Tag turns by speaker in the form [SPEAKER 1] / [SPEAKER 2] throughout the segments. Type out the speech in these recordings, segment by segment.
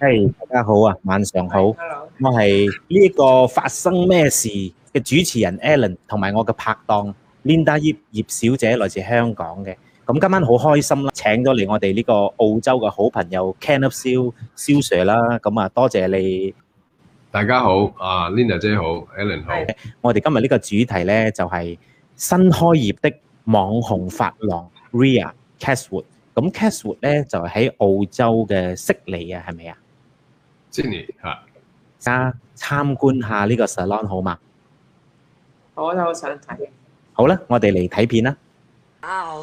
[SPEAKER 1] 係，hey, 大家好啊，晚上好。Hello. 我係呢一個發生咩事嘅主持人 Alan，同埋我嘅拍檔 Linda 葉葉小姐，來自香港嘅。咁今晚好開心啦，請咗嚟我哋呢個澳洲嘅好朋友 Kenneth Siu 蕭 Sir 啦。咁啊，多謝你。大家好，啊、uh, Linda 姐好，Alan 好。我哋今日呢個主題呢、就是，就係新開業的網紅髮廊 Ria Cashwood 咁 Cashwood 呢，就喺、是、澳洲嘅悉尼啊，係咪啊？Jenny 嚇，加參觀下呢個 salon 好嗎？
[SPEAKER 2] 我都好想睇。
[SPEAKER 1] 好啦，我哋嚟睇片啦。啊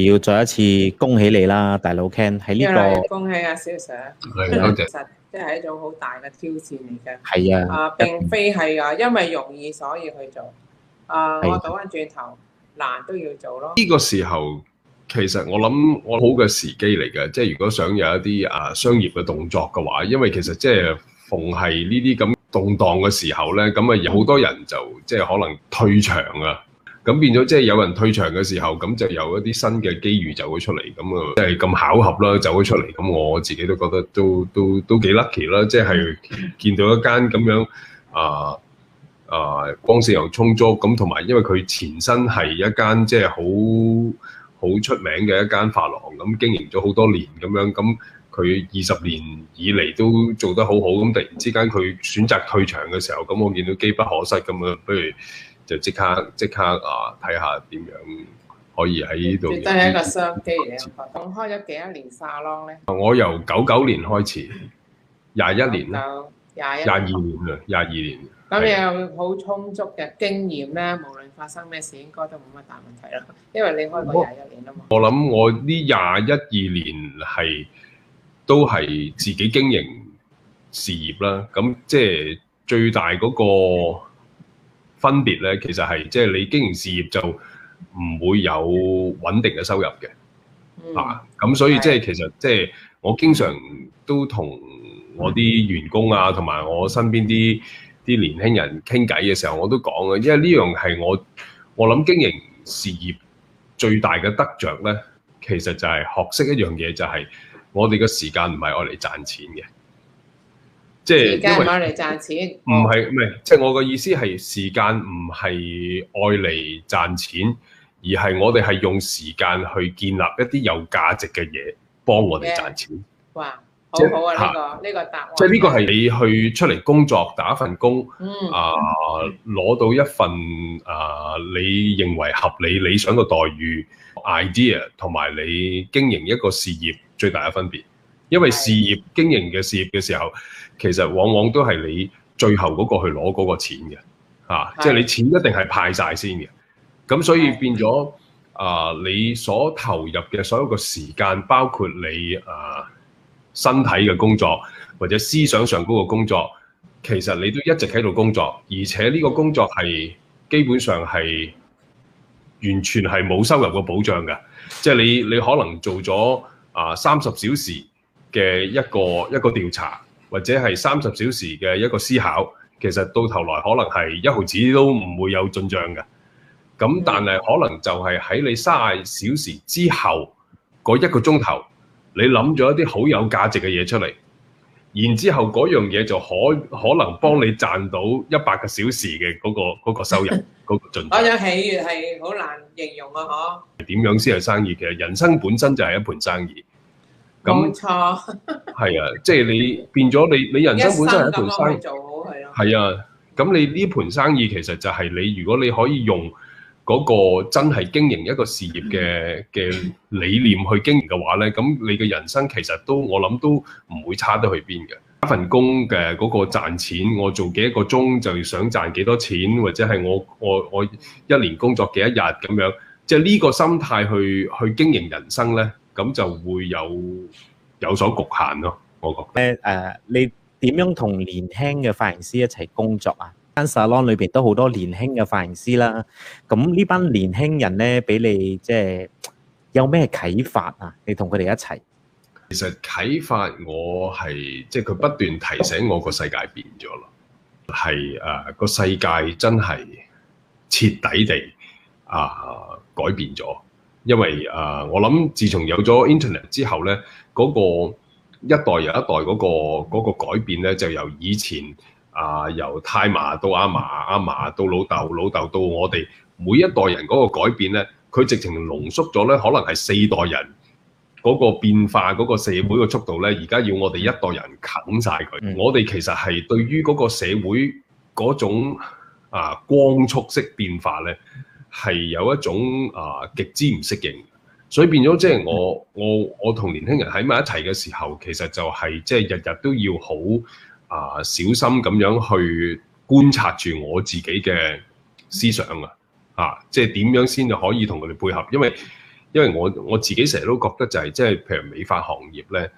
[SPEAKER 1] 要再一次恭喜你啦，大佬 Ken！係呢、呢個恭
[SPEAKER 2] 喜啊小 Sir，謝謝。其實即係一種好大嘅挑戰嚟嘅。係啊啊、呃，並非係啊，因為容易所以去做、呃、啊。我倒翻轉頭，難都要做咯。呢
[SPEAKER 3] 個時候，其實我諗我好嘅時機嚟嘅，即係如果想有一啲啊商業嘅動作嘅話，因為其實即、就、係、是、逢係呢啲咁。動盪嘅時候呢，咁啊有好多人就即係、就是、可能退場啊，咁變咗即係有人退場嘅時候，咁就有一啲新嘅機遇就會出嚟咁啊，即係咁巧合啦，走咗出嚟，咁我自己都覺得都都都幾 lucky 啦，即係見到一間咁樣啊、呃呃、光線又充足，咁同埋因為佢前身係一間即係好好出名嘅一間髮廊，咁經營咗好多年咁樣咁。佢二十年以嚟都做得好好，咁突然之間佢選擇退場嘅時候，咁我見到機不可失咁啊。不如就即刻即刻，即刻啊，睇下點樣可以喺呢度。真係一個商
[SPEAKER 2] 機嚟嘅。咁開咗幾多年沙龍咧？
[SPEAKER 3] 我由九九年開始，廿一年啦，廿一、廿二年
[SPEAKER 2] 啦，廿二年。咁你有好充足嘅經驗咧，的無論發生咩事，應該都冇乜大問題啦。因為你開過廿一年啦
[SPEAKER 3] 嘛。我諗我呢廿一二年係。都係自己經營事業啦，咁即係最大嗰個分別咧，其實係即係你經營事業就唔會有穩定嘅收入嘅，嗱咁、嗯啊、所以即係其實即係我經常都同我啲員工啊，同埋、嗯、我身邊啲啲年輕人傾偈嘅時候，我都講啊，因為呢樣係我我諗經營事業最大嘅得着咧，其實就係學識一樣嘢就係、是。我哋嘅時間唔係愛嚟賺錢嘅，即係唔係唔係即係我嘅意思係時間唔係愛嚟賺錢，而係我哋係用時間去建立一啲有價值嘅嘢，幫我哋賺
[SPEAKER 2] 錢。Yeah. 哇，好好啊，呢個呢個答案。即係呢
[SPEAKER 3] 個係你去出嚟工作打一份工，嗯、啊，攞到一份啊你認為合理理想嘅待遇 idea，同埋你經營一個事業。最大嘅分別，因為事業是的 經營嘅事業嘅時候，其實往往都係你最後嗰個去攞嗰個錢嘅，嚇是的、啊，即、就、係、是、你錢一定係派晒先嘅。咁所以變咗啊、呃，你所投入嘅所有個時間，包括你啊、呃、身體嘅工作或者思想上嗰個工作，其實你都一直喺度工作，而且呢個工作係基本上係完全係冇收入嘅保障嘅，即、就、係、是、你你可能做咗。啊！三十小時嘅一個一個調查，或者係三十小時嘅一個思考，其實到頭來可能係一毫子都唔會有進帳嘅。咁但係可能就係喺你三十小時之後嗰一個鐘頭，你諗咗一啲好有價值嘅嘢出嚟，然之後嗰樣嘢就可可能幫你賺到一百個小時嘅嗰、嗰個嗰個收入嗰、嗰個進。嗰種
[SPEAKER 2] 喜悅係好難形容
[SPEAKER 3] 啊！嗬，點樣先係生意？其實人生本身就係一盤生意。咁
[SPEAKER 2] 冇
[SPEAKER 3] 錯係啊！即係 你變咗你你人生本身係一盤生意，做好係啊，係啊！咁你呢盤生意其實就係你，如果你可以用嗰個真係經營一個事業嘅嘅理念去經營嘅話咧，咁你嘅人生其實都，我諗都唔會差得去邊嘅。一份工嘅嗰個賺錢，我做幾多個鐘就想賺幾多錢，或者係我我我一年工作幾多日咁樣，即係呢個心態去去經營人生咧。咁就會有
[SPEAKER 1] 有所局限咯、啊，我覺得。誒誒、呃，你點樣同年輕嘅髮型師一齊工作啊？間沙龍裏邊都好多年輕嘅髮型師啦。咁呢班年輕人咧，俾你即係、就是、有咩啟發啊？你同佢哋一齊。
[SPEAKER 3] 其實啟發我係即係佢不斷提醒我個世界變咗咯。係，誒，個世界真係徹底地啊改變咗。因為誒、呃，我諗自從有咗 Internet 之後咧，嗰、那個一代又一代嗰、那個那個改變咧，就由以前啊、呃，由太嫲到阿嫲，阿嫲到老豆，老豆到我哋每一代人嗰個改變咧，佢直情濃縮咗咧，可能係四代人嗰個變化嗰、那個社會嘅速度咧，而家要我哋一代人冚晒佢。嗯、我哋其實係對於嗰個社會嗰種啊、呃、光速式變化咧，係有一種啊、呃、極之唔適應，所以變咗即係我我我同年輕人喺埋一齊嘅時候，其實就係即係日日都要好啊、呃、小心咁樣去觀察住我自己嘅思想啊，即係點樣先可以同佢哋配合？因為因為我我自己成日都覺得就係即係譬如美髮行業咧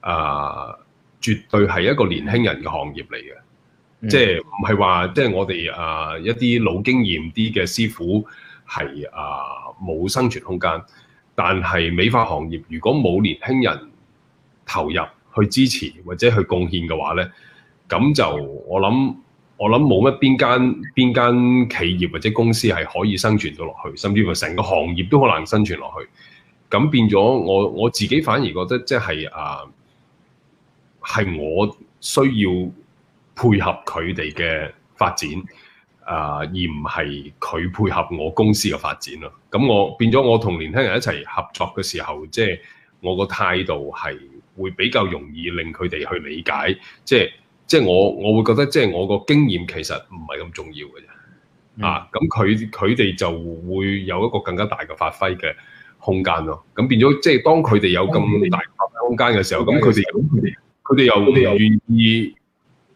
[SPEAKER 3] 啊、呃，絕對係一個年輕人嘅行業嚟嘅。即係唔係話，即係我哋啊一啲老經驗啲嘅師傅係啊冇生存空間，但係美髮行業如果冇年輕人投入去支持或者去貢獻嘅話咧，咁就我諗我諗冇乜邊間邊間企業或者公司係可以生存到落去，甚至乎成個行業都好難生存落去。咁變咗我我自己反而覺得即係啊，係我需要。配合佢哋嘅發展啊、呃，而唔係佢配合我公司嘅發展咯。咁、啊、我變咗我同年輕人一齊合作嘅時候，即係我個態度係會比較容易令佢哋去理解。即係即係我我會覺得即係我個經驗其實唔係咁重要嘅啫。啊，咁佢佢哋就會有一個更加大嘅發揮嘅空間咯。咁、啊、變咗即係當佢哋有咁大嘅發揮空間嘅時候，咁佢哋佢哋佢哋又願意。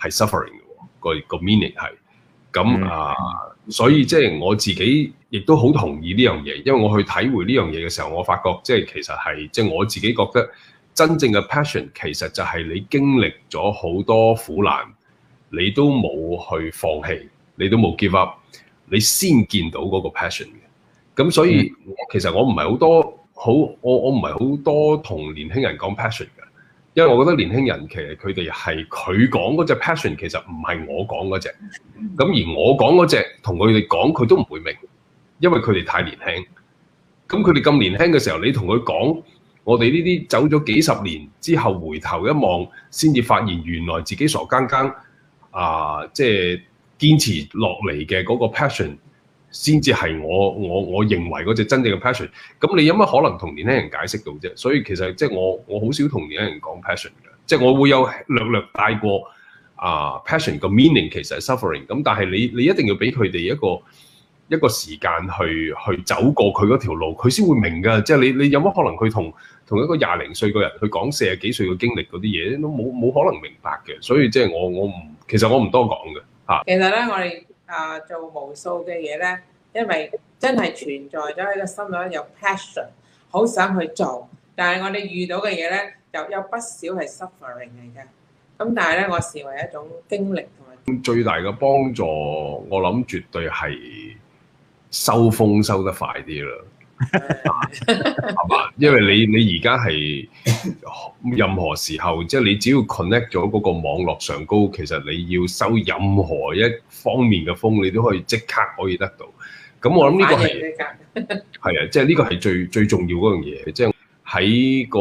[SPEAKER 3] 係 suffering 嘅，個、嗰個 meaning 係。咁啊，嗯、所以即係我自己亦都好同意呢樣嘢，因為我去體會呢樣嘢嘅時候，我發覺即係其實係即係我自己覺得真正嘅 passion 其實就係你經歷咗好多苦難，你都冇去放棄，你都冇 give up，你先見到嗰個 passion 嘅。咁所以、嗯、其實我唔係好多好，我我唔係好多同年輕人講 passion。因為我覺得年輕人其實佢哋係佢講嗰隻 passion，其實唔係我講嗰隻，咁而我講嗰隻同佢哋講佢都唔會明，因為佢哋太年輕。咁佢哋咁年輕嘅時候，你同佢講我哋呢啲走咗幾十年之後回頭一望，先至發現原來自己傻更更啊，即係堅持落嚟嘅嗰個 passion。先至係我我我認為嗰隻真正嘅 passion，咁你有乜可能同年輕人解釋到啫？所以其實即係我我好少同年輕人講 passion 嘅，即係我會有略略帶過啊、uh, passion 嘅 meaning，其實係 suffering。咁但係你你一定要俾佢哋一個一個時間去去走過佢嗰條路，佢先會明噶。即係你你有乜可能去同同一個廿零歲嘅人去講四十幾歲嘅經歷嗰啲嘢，都冇冇可能明白嘅。所以即係我我唔其實我唔多講嘅
[SPEAKER 2] 嚇。其實咧，我哋。啊，做無數嘅嘢咧，因為真係存在咗喺個心裏有 passion，好想去做。但係我哋遇到嘅嘢咧，又有，有不少係 suffering 嚟嘅。咁但係咧，我視為一種經歷
[SPEAKER 3] 同埋。最大嘅幫助，我諗絕對係收風收得快啲啦。 因為你你而家係任何時候，即係你只要 connect 咗嗰個網絡上高，其實你要收任何一方面嘅風，你都可以即刻可以得到。咁我諗呢個係係 啊，即係呢個係最最重要嗰樣嘢。即係喺個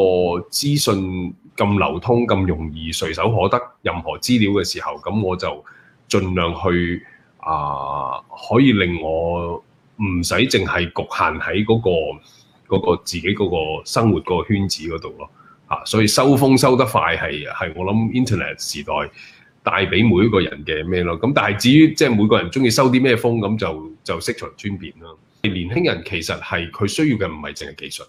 [SPEAKER 3] 資訊咁流通、咁容易、隨手可得任何資料嘅時候，咁我就盡量去啊、呃，可以令我。唔使淨係局限喺嗰個嗰個自己嗰個生活嗰個圈子嗰度咯，嚇！所以收風收得快係係我諗 Internet 時代帶俾每一個人嘅咩咯？咁但係至於即係每個人鍾意收啲咩風咁就就悉隨尊便啦。年輕人其實係佢需要嘅唔係淨係技術，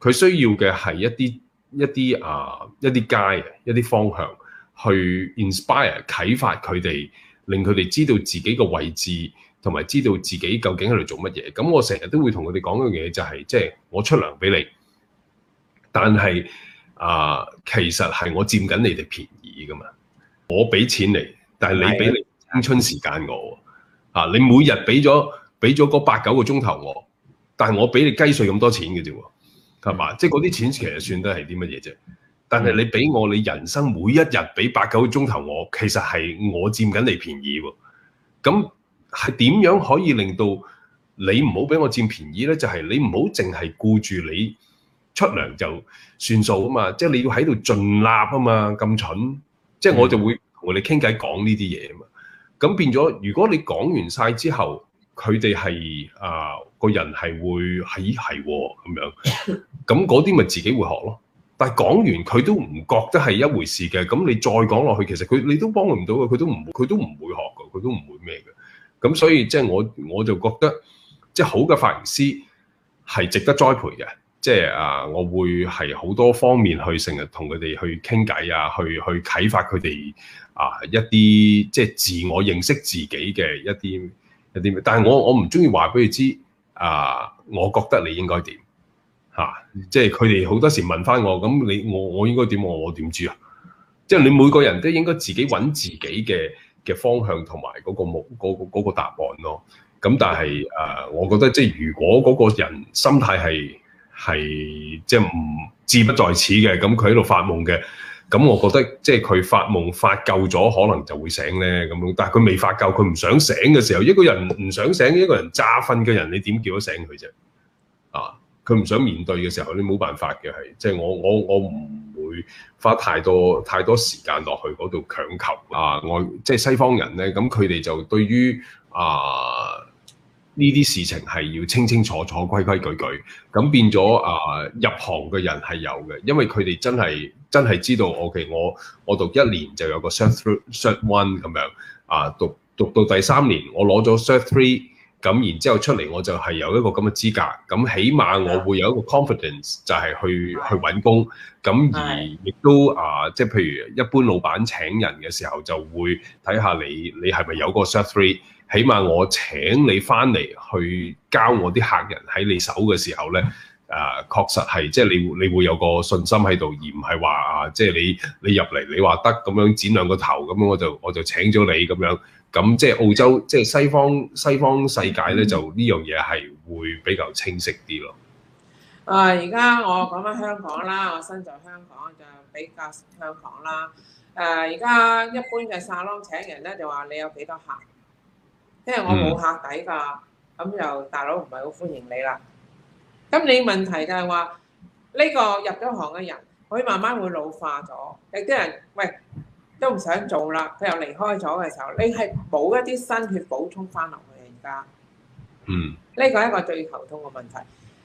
[SPEAKER 3] 佢需要嘅係一啲一啲啊一啲 guide 一啲方向去 inspire 啟發佢哋，令佢哋知道自己嘅位置。同埋知道自己究竟喺度做乜嘢，咁我成日都會同佢哋講一樣嘢，就係即係我出糧俾你，但係啊、呃，其實係我佔緊你哋便宜噶嘛。我俾錢你，但係你俾你青春時間我啊，的你每日俾咗俾咗嗰八九個鐘頭我，但係我俾你雞碎咁多錢嘅啫喎，係嘛？即係嗰啲錢其實算得係啲乜嘢啫？但係你俾我，你人生每一日俾八九個鐘頭我，其實係我佔緊你便宜喎。咁係點樣可以令到你唔好俾我佔便宜咧？就係、是、你唔好淨係顧住你出糧就算數啊嘛！即、就、係、是、你要喺度盡力啊嘛！咁蠢，即、就、係、是、我就會同你傾偈講呢啲嘢啊嘛！咁變咗，如果你講完晒之後，佢哋係啊個人係會係係咁樣，咁嗰啲咪自己會學咯。但係講完佢都唔覺得係一回事嘅，咁你再講落去，其實佢你都幫佢唔到嘅，佢都唔佢都唔會學嘅，佢都唔會咩嘅。咁、嗯、所以即係我我就覺得即係好嘅髮型師係值得栽培嘅，即係啊，我會係好多方面去成日同佢哋去傾偈啊，去去啟發佢哋啊一啲即係自我認識自己嘅一啲一啲，但係我我唔中意話俾佢知啊，我覺得你應該點吓，即係佢哋好多時問翻我，咁你我我應該點我我點知啊？即係你，你每個人都應該自己搵自己嘅。嘅方向同埋嗰個目嗰、嗰個嗰個、答案咯，咁但係誒、呃，我覺得即係如果嗰個人心態係係即係唔志不在此嘅，咁佢喺度發夢嘅，咁我覺得即係佢發夢發夠咗，可能就會醒咧咁樣。但係佢未發夠，佢唔想醒嘅時候，一個人唔想醒，一個人詐瞓嘅人，你點叫得醒佢啫？啊，佢唔想面對嘅時候，你冇辦法嘅係，即係、即係、我我我唔花太多太多時間落去嗰度強求啊！外即係西方人咧，咁佢哋就對於啊呢啲事情係要清清楚楚、規規矩矩，咁變咗啊入行嘅人係有嘅，因為佢哋真係真係知道，okay, 我譬如我我讀一年就有個 cert cert one 咁樣啊，讀讀到第三年我攞咗 cert three。3, 咁然之後出嚟，我就係有一個咁嘅資格，咁起碼我會有一個 confidence，就係去去揾工。咁而亦都啊，即係、呃、譬如一般老闆請人嘅時候，就會睇下你你係咪有個 cert three，起碼我請你翻嚟去，去交我啲客人喺你手嘅時候咧。誒、啊，確實係，即係你會你會有個信心喺度，而唔係話啊，即係你你入嚟你話得咁樣剪兩個頭咁樣，我就我就請咗你咁樣。咁即係澳洲，即係西方西方世界咧，就呢樣嘢係會比較清晰
[SPEAKER 2] 啲咯。啊，而家我講返香港啦，我身在香港就比較香港啦。誒、啊，而家一般嘅沙龍請人咧，就話你有幾多客，因為我冇客底㗎，咁又、嗯、大佬唔係好歡迎你啦。咁你問題就係話呢個入咗行嘅人，佢慢慢會老化咗。有啲人喂都唔想做啦，佢又離開咗嘅時候，你係冇一啲新血補充翻落去而家。嗯。呢個係一個最頭痛嘅問題。誒、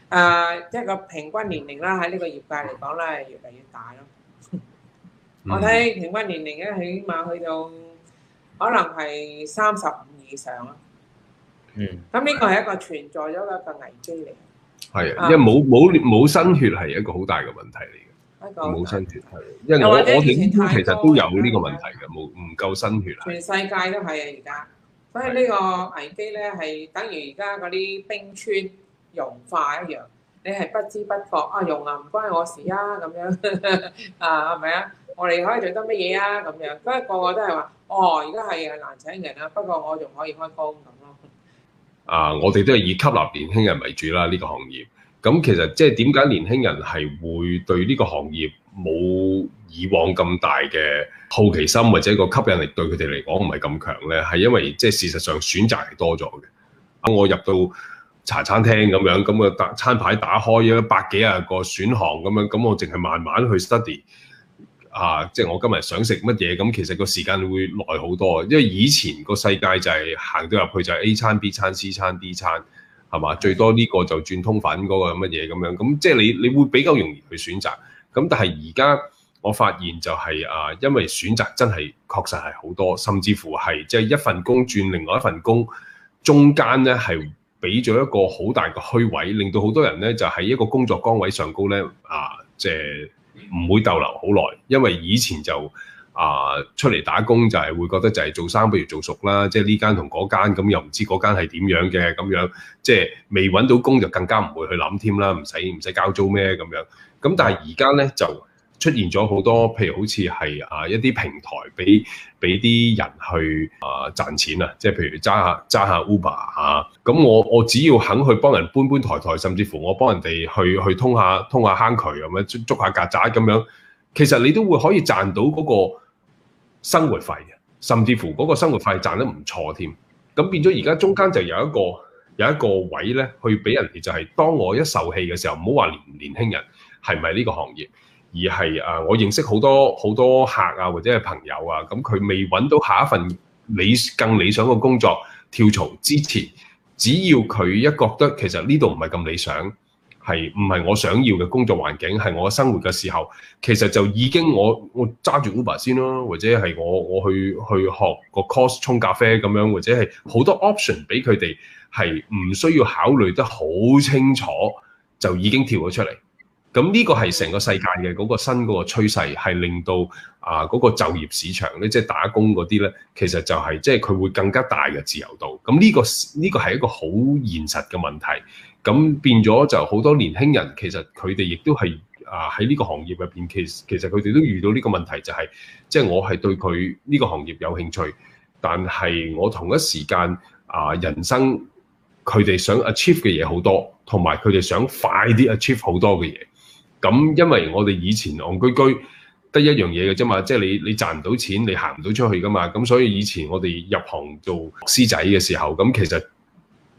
[SPEAKER 2] 呃，一個平均年齡啦，喺呢個業界嚟講咧，越嚟越大咯。我睇平均年齡咧，起碼去到可能係三十五以上咯。嗯。咁呢個係一個存在咗一個危機嚟。
[SPEAKER 3] 係，因為冇冇冇新血係一個好大嘅問題嚟嘅，冇新血、啊、係，啊、的因為我因為我其實都有呢個問題嘅，冇唔夠新血啊！血全
[SPEAKER 2] 世界都係啊，而家，因為呢個危機咧係等於而家嗰啲冰川融化一樣，你係不知不覺啊融啊，唔關我事啊咁樣啊係咪啊？我哋可以做得乜嘢啊咁樣，所以個個都係話，哦而家係難請人啊，不過我仲可以開工咁咯。
[SPEAKER 3] 啊！我哋都係以吸納年輕人為主啦，呢個行業。咁其實即係點解年輕人係會對呢個行業冇以往咁大嘅好奇心或者個吸引力對佢哋嚟講唔係咁強呢？係因為即係事實上選擇係多咗嘅。我入到茶餐廳咁樣，咁個餐牌打開咗百幾十個選項咁樣，咁我淨係慢慢去 study。啊！即係我今日想食乜嘢咁，其實個時間會耐好多。因為以前個世界就係行到入去就係 A 餐 B 餐 C 餐 D 餐，係嘛？最多呢個就轉通粉嗰個乜嘢咁樣。咁即係你你會比較容易去選擇。咁但係而家我發現就係啊，因為選擇真係確實係好多，甚至乎係即係一份工轉另外一份工，中間呢係俾咗一個好大嘅虛位，令到好多人呢就喺一個工作崗位上高呢。啊，即係。唔會逗留好耐，因為以前就啊、呃、出嚟打工就係、是、會覺得就係做生不如做熟啦，即係呢間同嗰間，咁、嗯、又唔知嗰間係點樣嘅咁樣，即係未揾到工就更加唔會去諗添啦，唔使唔使交租咩咁樣，咁、嗯、但係而家咧就。出現咗好多，譬如好似係啊一啲平台俾俾啲人去啊賺錢啊，即係譬如揸下揸下 Uber 啊，咁我我只要肯去幫人搬搬抬抬，甚至乎我幫人哋去去通下通下坑渠咁樣捉下曱甴咁樣，其實你都會可以賺到嗰個生活費嘅，甚至乎嗰個生活費賺得唔錯添。咁變咗而家中間就有一個有一個位咧，去俾人哋就係當我一受氣嘅時候，唔好話年年輕人係咪呢個行業？而係誒，我認識好多好多客啊，或者係朋友啊，咁佢未揾到下一份理更理想嘅工作跳槽之前，只要佢一覺得其實呢度唔係咁理想，係唔係我想要嘅工作環境，係我生活嘅時候，其實就已經我我揸住 Uber 先咯啊，或者係我我去去學個 course 沖咖啡咁樣，或者係好多 option 俾佢哋，係唔需要考慮得好清楚，就已經跳咗出嚟。咁呢個係成個世界嘅嗰個新嗰個趨勢，係令到啊嗰個就業市場咧，即係打工嗰啲咧，其實就係即係佢會更加大嘅自由度。咁呢個呢個係一個好現實嘅問題。咁變咗就好多年輕人，其實佢哋亦都係啊喺呢個行業入邊，其實其實佢哋都遇到呢個問題，就係即係我係對佢呢個行業有興趣，但係我同一時間啊人生佢哋想 achieve 嘅嘢好多，同埋佢哋想快啲 achieve 好多嘅嘢。咁因為我哋以前戇居居得一樣嘢嘅啫嘛，即係你你賺唔到錢，你行唔到出去噶嘛。咁所以以前我哋入行做師仔嘅時候，咁其實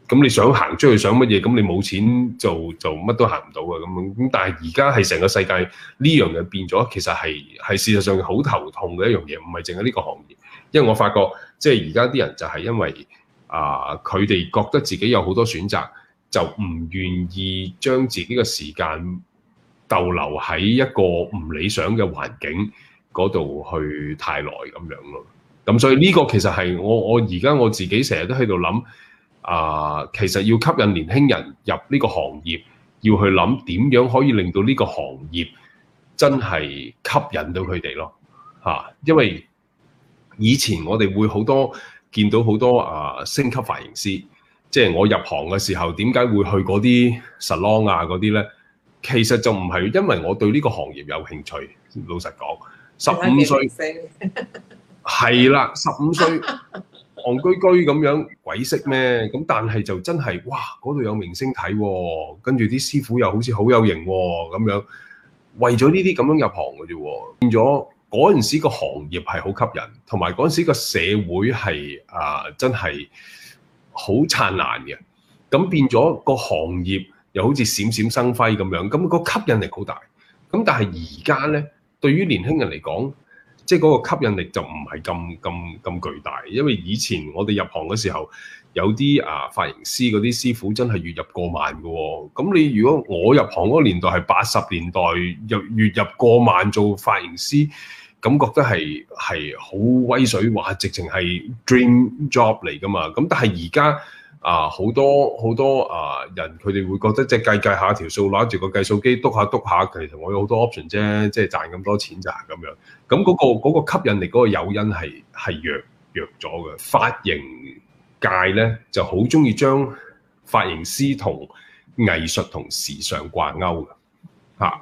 [SPEAKER 3] 咁你想行出去想乜嘢，咁你冇錢做，做乜都行唔到嘅咁。咁但係而家係成個世界呢樣嘢變咗，其實係係事實上好頭痛嘅一樣嘢，唔係淨係呢個行業，因為我發覺即係而家啲人就係因為啊佢哋覺得自己有好多選擇，就唔願意將自己嘅時間逗留喺一個唔理想嘅環境嗰度去太耐咁樣咯，咁所以呢個其實係我我而家我自己成日都喺度諗啊，其實要吸引年輕人入呢個行業，要去諗點樣可以令到呢個行業真係吸引到佢哋咯嚇，啊，因為以前我哋會好多見到好多啊升級髮型師，即係我入行嘅時候點解會去嗰啲 salon 啊嗰啲咧？其實就唔係因為我對呢個行業有興趣，老實講，十五歲係啦，十五 歲戇居居咁樣鬼識咩？咁但係就真係哇，嗰度有明星睇喎，跟住啲師傅又好似好有型咁樣喎，為咗呢啲咁樣入行嘅啫喎，變咗嗰陣時個行業係好吸引，同埋嗰陣時個社會係啊真係好燦爛嘅，咁變咗個行業，又好似閃閃生輝咁樣，咁個吸引力好大。咁但係而家呢，對於年輕人嚟講，即係嗰個吸引力就唔係咁咁咁巨大。因為以前我哋入行嘅時候，有啲啊髮型師嗰啲師傅真係月入過萬嘅，哦。咁你如果我入行嗰個年代係八十年代入月入過萬做髮型師，感覺都係係好威水話，話直情係 dream job 嚟㗎嘛。咁但係而家。啊！好多好多啊人，佢哋會覺得即係計計下條數，攞住個計數機篤下篤下，其實我有好多 option 啫，即係賺咁多錢咋，咁樣，咁、嗯、嗰、嗰個嗰、嗰個吸引力，嗰個誘因係係弱弱咗嘅。髮型界咧就好中意將髮型師同藝術同時尚掛鈎嘅，吓、啊，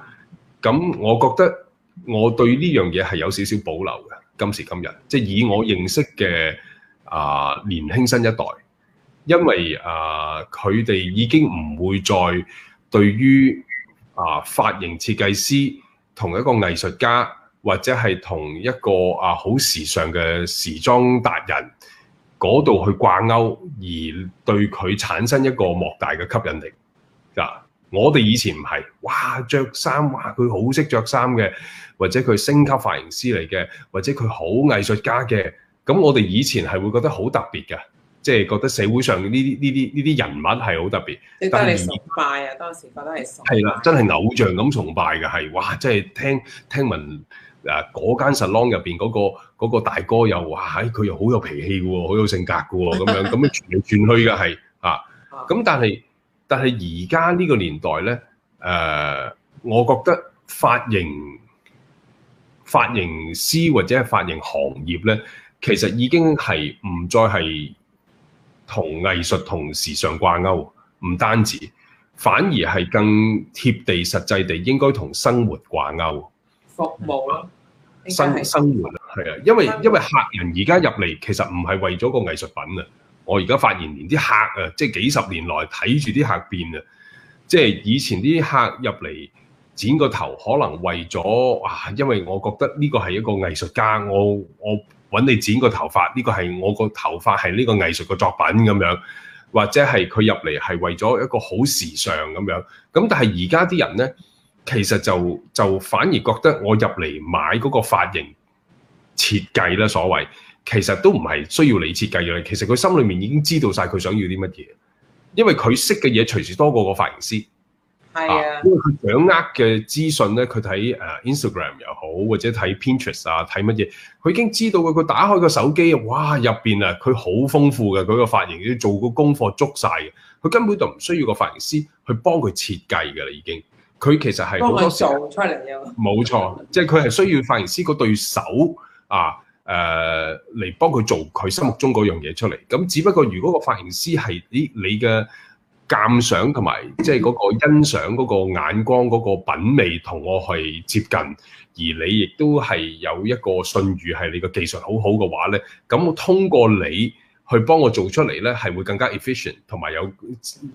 [SPEAKER 3] 咁、嗯、我覺得我對呢樣嘢係有少少保留嘅。今時今日，即係以我認識嘅啊年輕新一代。因為啊，佢哋已經唔會再對於啊髮型設計師同一個藝術家或者係同一個啊好時尚嘅時裝達人嗰度去掛鈎，而對佢產生一個莫大嘅吸引力。嗱、yeah，我哋以前唔係，哇着衫哇佢好識着衫嘅，或者佢升級髮型師嚟嘅，或者佢好藝術家嘅，咁我哋以前係會覺得好特別嘅。即係覺得社會上呢啲呢啲呢啲人物係好特別，但係崇拜啊，
[SPEAKER 2] 但你當時覺得係、啊，係啦，
[SPEAKER 3] 真係偶像咁崇拜嘅係，哇！即、就、係、是、聽聽聞嗱，嗰、啊、間 salon 入邊嗰、嗰個嗰個大哥又哇，佢、哎、又好有脾氣喎，好有性格嘅喎，咁樣咁樣轉嚟轉去嘅係啊，咁 但係但係而家呢個年代咧，誒、呃，我覺得髮型髮型師或者係髮型行業咧，其實已經係唔再係。同藝術同時尚掛鈎，唔單止，反而係更貼地、實際地應該同生活掛鈎，
[SPEAKER 2] 服務咯，生
[SPEAKER 3] 生活啊，係啊，因為因為客人而家入嚟其實唔係為咗個藝術品啊，我而家發現連啲客啊，即係幾十年來睇住啲客變啊，即係以前啲客入嚟剪個頭可能為咗，啊，因為我覺得呢個係一個藝術家，我我。揾你剪個頭髮，呢個係我個頭髮係呢個藝術嘅作品咁樣，或者係佢入嚟係為咗一個好時尚咁樣。咁但係而家啲人呢，其實就就反而覺得我入嚟買嗰個髮型設計啦，所謂其實都唔係需要你設計嘅。其實佢心裏面已經知道晒佢想要啲乜嘢，因為佢識嘅嘢隨時多過個髮型師。
[SPEAKER 2] 係啊，因為佢掌握
[SPEAKER 3] 嘅資訊咧，佢睇誒 Instagram 又好，或者睇 Pinterest 啊，睇乜嘢，佢已經知道嘅。佢打開個手機，哇入邊啊，佢好豐富嘅。佢、個髮型要做個功課捉晒，嘅，佢根本就唔需要個髮型師去幫佢設計嘅啦，已經。佢其實係好多時候冇錯，即係佢係需要髮型師嗰對手啊誒嚟、呃、幫佢做佢心目中嗰樣嘢出嚟。咁只不過如果個髮型師係咦你嘅。鑑賞同埋即係嗰個欣賞嗰個眼光嗰個品味同我係接近，而你亦都係有一個信譽係你個技術好好嘅話咧，咁我通過你去幫我做出嚟咧，係會更加 efficient 同埋有有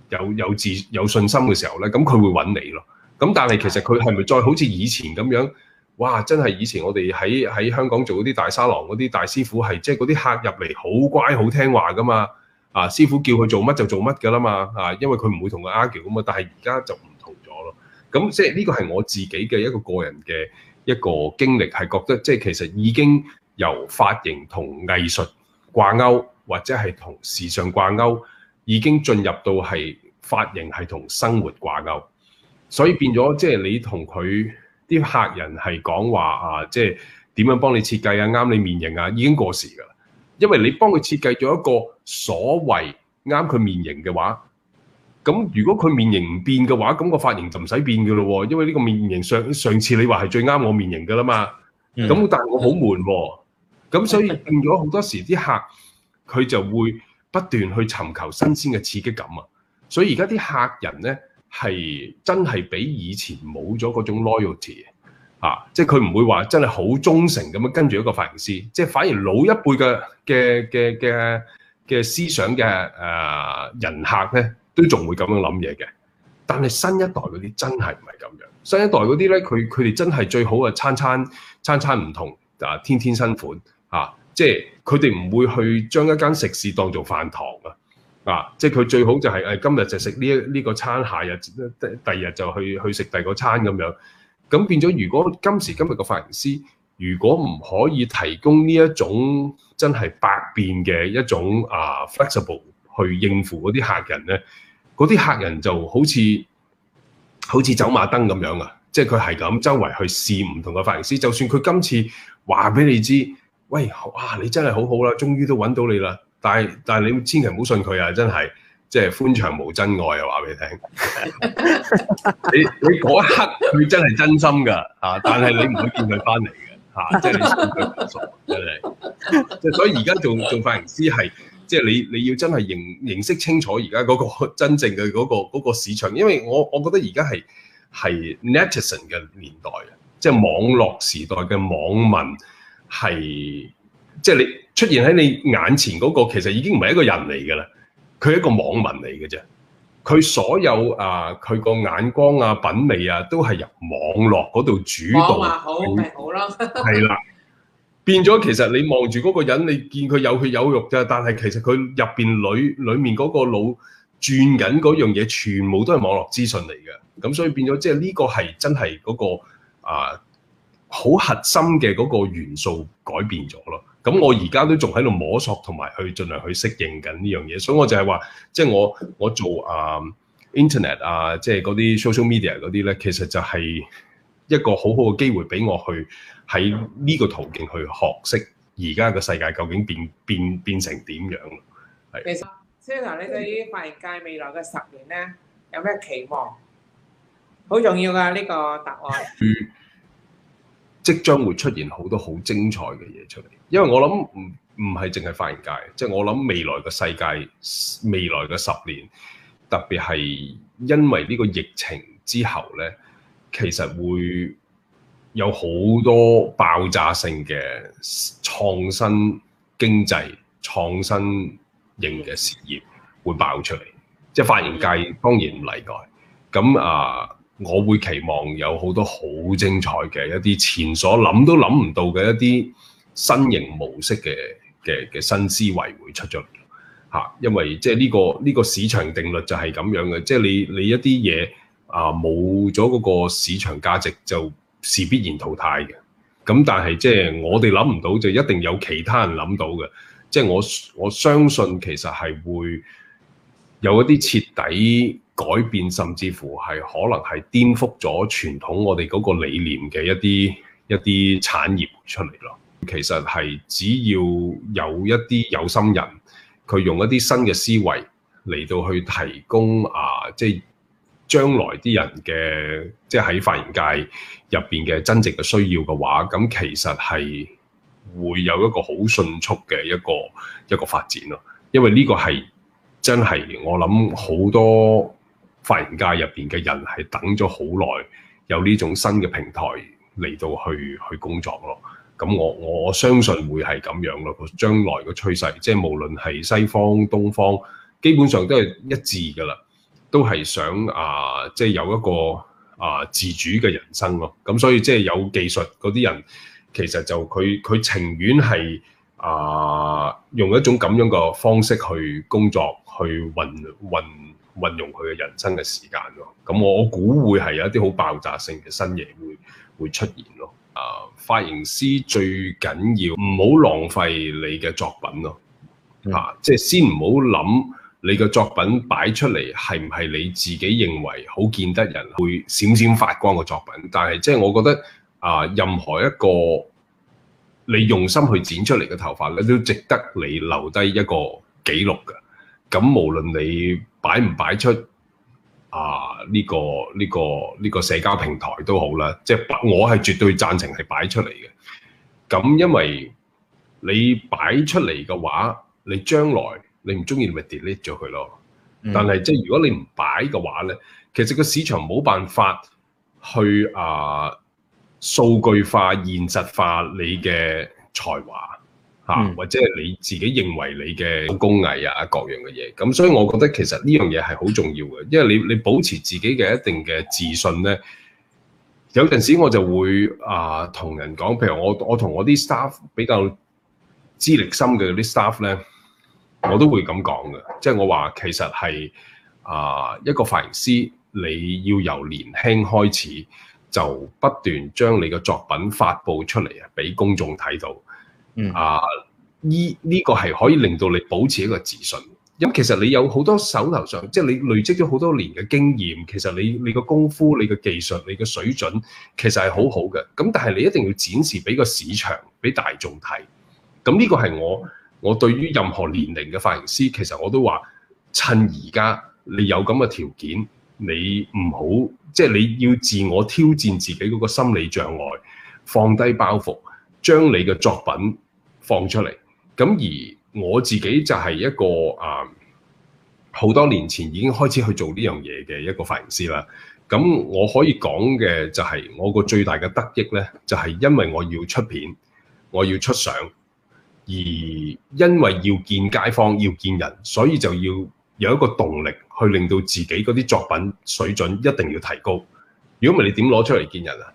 [SPEAKER 3] 有，有自有信心嘅時候咧，咁佢會揾你咯。咁但係其實佢係咪再好似以前咁樣？哇！真係以前我哋喺喺香港做嗰啲大沙狼嗰啲大師傅係即係嗰啲客入嚟好乖好聽話噶嘛？啊！師傅叫佢做乜就做乜㗎啦嘛，啊！因為佢唔會 argue，同佢 argue 咁嘛，但係而家就唔同咗咯。咁即係呢個係我自己嘅一個個人嘅一個經歷，係覺得即係其實已經由髮型同藝術掛鈎，或者係同時尚掛鈎，已經進入到係髮型係同生活掛鈎，所以變咗即係你同佢啲客人係講話啊，即係點樣幫你設計啊，啱你面型啊，已經過時㗎啦。因為你幫佢設計咗一個所謂啱佢面型嘅話，咁如果佢面型唔變嘅話，咁、那個髮型就唔使變嘅咯、哦。因為呢個面型上上次你話係最啱我面型嘅啦嘛。咁、嗯、但係我好悶喎，咁、嗯嗯、所以變咗好多時啲客佢就會不斷去尋求新鮮嘅刺激感啊。所以而家啲客人呢，係真係比以前冇咗嗰種 loyalty。啊！即係佢唔會話真係好忠誠咁樣跟住一個髮型師，即係反而老一輩嘅嘅嘅嘅嘅思想嘅誒、啊、人客咧，都仲會咁樣諗嘢嘅。但係新一代嗰啲真係唔係咁樣。新一代嗰啲咧，佢佢哋真係最好啊！餐餐餐餐唔同啊，天天新款嚇、啊。即係佢哋唔會去將一間食肆當做飯堂啊！啊！即係佢最好就係、是、誒今日就食呢呢個餐，下日第二日就去去食第二個餐咁樣。咁變咗，如果今時今日個髮型師如果唔可以提供呢一種真係百變嘅一種啊、uh, flexible 去應付嗰啲客人咧，嗰啲客人就好似好似走馬燈咁樣啊！即係佢係咁周圍去試唔同嘅髮型師，就算佢今次話俾你知，喂，哇，你真係好好啦，終於都揾到你啦！但係但係你千祈唔好信佢啊，真係。即係寬長無真愛 真真啊！話俾你聽，啊就是、你你嗰一刻佢真係真心㗎嚇，但係你唔會見佢翻嚟嘅嚇，
[SPEAKER 2] 即係你誤會唔熟
[SPEAKER 3] 真係。即係所以而家做做髮型師係，即、就、係、是、你你要真係認認識清楚而家嗰個真正嘅嗰、那個那個市場，因為我我覺得而家係係 Netizen 嘅年代即係、就是、網絡時代嘅網民係，即、就、係、是、你出現喺你眼前嗰、那個其實已經唔係一個人嚟㗎啦。佢係一個網民嚟嘅啫，佢所有啊，佢個眼光啊、品味啊，都係由網絡嗰度主導。好、啊、好，
[SPEAKER 2] 啦、嗯。係啦
[SPEAKER 3] 好， 變咗其實你望住嗰個人，你見佢有血有肉啫，但係其實佢入邊裏裏面嗰個腦轉緊嗰樣嘢，全部都係網絡資訊嚟嘅。咁所以變咗、那個，即係呢個係真係嗰個啊好核心嘅嗰個元素改變咗咯。咁我而家都仲喺度摸索同埋去盡量去適應緊呢樣嘢，所以我就係話，即係我我做啊 Internet 啊，即係嗰啲 social media 嗰啲咧，其實就係一個好好嘅機會俾我去喺呢個途徑去學識而家嘅世界究竟變變變成點樣。係。
[SPEAKER 2] 其實，你對於髮型界未來嘅十年咧，有咩期望？好重要㗎呢
[SPEAKER 3] 個答案。 即將會出現好多好精彩嘅嘢出嚟，因為我諗唔唔係淨係發言界，即係我諗未來嘅世界，未來嘅十年，特別係因為呢個疫情之後呢，其實會有好多爆炸性嘅創新經濟、創新型嘅事業會爆出嚟，即係發言界當然唔例外。咁啊～我會期望有好多好精彩嘅一啲前所諗都諗唔到嘅一啲新型模式嘅嘅嘅新思維會出咗嚟，因為即係呢個呢個市場定律就係咁樣嘅，即係你你一啲嘢啊冇咗嗰個市場價值，就是必然淘汰嘅。咁但係即係我哋諗唔到，就一定有其他人諗到嘅。即係我我相信其實係會。有一啲徹底改變，甚至乎係可能係顛覆咗傳統我哋嗰個理念嘅一啲一啲產業出嚟咯。其實係只要有一啲有心人，佢用一啲新嘅思維嚟到去提供啊，即係將來啲人嘅即係喺髮型界入邊嘅真正嘅需要嘅話，咁其實係會有一個好迅速嘅一個一個發展咯。因為呢個係。真係，我諗好多髮型界入邊嘅人係等咗好耐，有呢種新嘅平台嚟到去去工作咯。咁我我相信會係咁樣咯。將來嘅趨勢，即係無論係西方、東方，基本上都係一致噶啦，都係想啊、呃，即係有一個啊、呃、自主嘅人生咯。咁所以即係有技術嗰啲人，其實就佢佢情願係。啊！用一種咁樣嘅方式去工作，去運運運用佢嘅人生嘅時間咯。咁我估會係有一啲好爆炸性嘅新嘢會會出現咯。啊！髮型師最緊要唔好浪費你嘅作品咯。啊！即係先唔好諗你嘅作品擺出嚟係唔係你自己認為好見得人會閃閃發光嘅作品？但係即係我覺得啊，任何一個。你用心去剪出嚟嘅頭髮咧，都值得你留低一個記錄嘅。咁無論你擺唔擺出啊，呢個呢個呢個社交平台都好啦，即係，我係絕對贊成係擺出嚟嘅。咁因為你擺出嚟嘅話，你將來你唔中意，你咪 delete 咗佢咯。嗯。但係即係如果你唔擺嘅話咧，其實個市場冇辦法去啊，數據化、現實化你嘅才華嚇，嗯、或者係你自己認為你嘅工藝啊，各樣嘅嘢。咁所以，我覺得其實呢樣嘢係好重要嘅，因為你你保持自己嘅一定嘅自信呢，有陣時我就會啊同、呃、人講，譬如我我同我啲 staff 比較資歷深嘅啲 staff 呢，我都會咁講嘅，即係我話其實係啊、呃、一個髮型師，你要由年輕開始。就不斷將你嘅作品發布出嚟、嗯、啊，俾公眾睇到。啊，依呢個係可以令到你保持一個自信。咁其實你有好多手頭上，即係你累積咗好多年嘅經驗，其實你你個功夫、你嘅技術、你嘅水準，其實係好好嘅。咁但係你一定要展示俾個市場、俾大眾睇。咁呢個係我我對於任何年齡嘅髮型師，其實我都話趁而家你有咁嘅條件。你唔好，即係你要自我挑戰自己嗰個心理障礙，放低包袱，將你嘅作品放出嚟。咁而我自己就係一個啊，好多年前已經開始去做呢樣嘢嘅一個髮型師啦。咁我可以講嘅就係我個最大嘅得益呢，就係因為我要出片，我要出相，而因為要見街坊，要見人，所以就要有一個動力。去令到自己嗰啲作品水準一定要提高，如果唔係你點攞出嚟見人啊？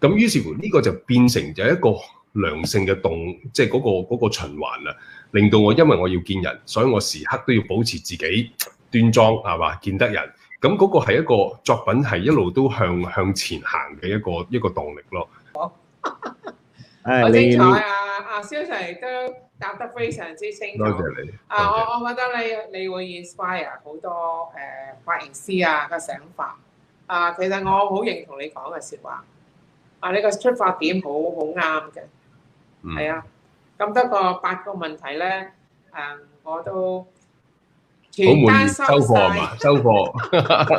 [SPEAKER 3] 咁於是乎呢個就變成有一個良性嘅動，即係嗰個嗰個循環啊，令到我因為我要見人，所以我時刻都要保持自己端莊係嘛，見得人。咁嗰個係一個作品係一路都向向前行嘅一個一個動力咯。好你 精彩啊！
[SPEAKER 2] 阿蕭 Sir 都答得非常之清楚。多謝你。啊，我我覺得你你會 inspire 好多誒髮型師啊嘅想法。啊、uh，其實我好認同你講嘅説話。啊、uh，你個出發點好好啱嘅。嗯。
[SPEAKER 1] Mm. 啊，
[SPEAKER 2] 咁多個八個問題咧，誒、uh, 我都。好滿意收貨啊嘛，
[SPEAKER 1] 收貨，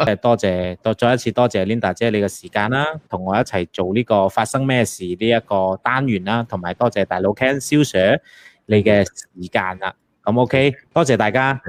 [SPEAKER 1] 係多謝，多再一次多謝 Linda 姐你嘅時間啦，同我一齊做呢個發生咩事呢一個單元啦，同埋多謝大佬 Ken Sir 你嘅時間啦，咁 OK，多謝大家。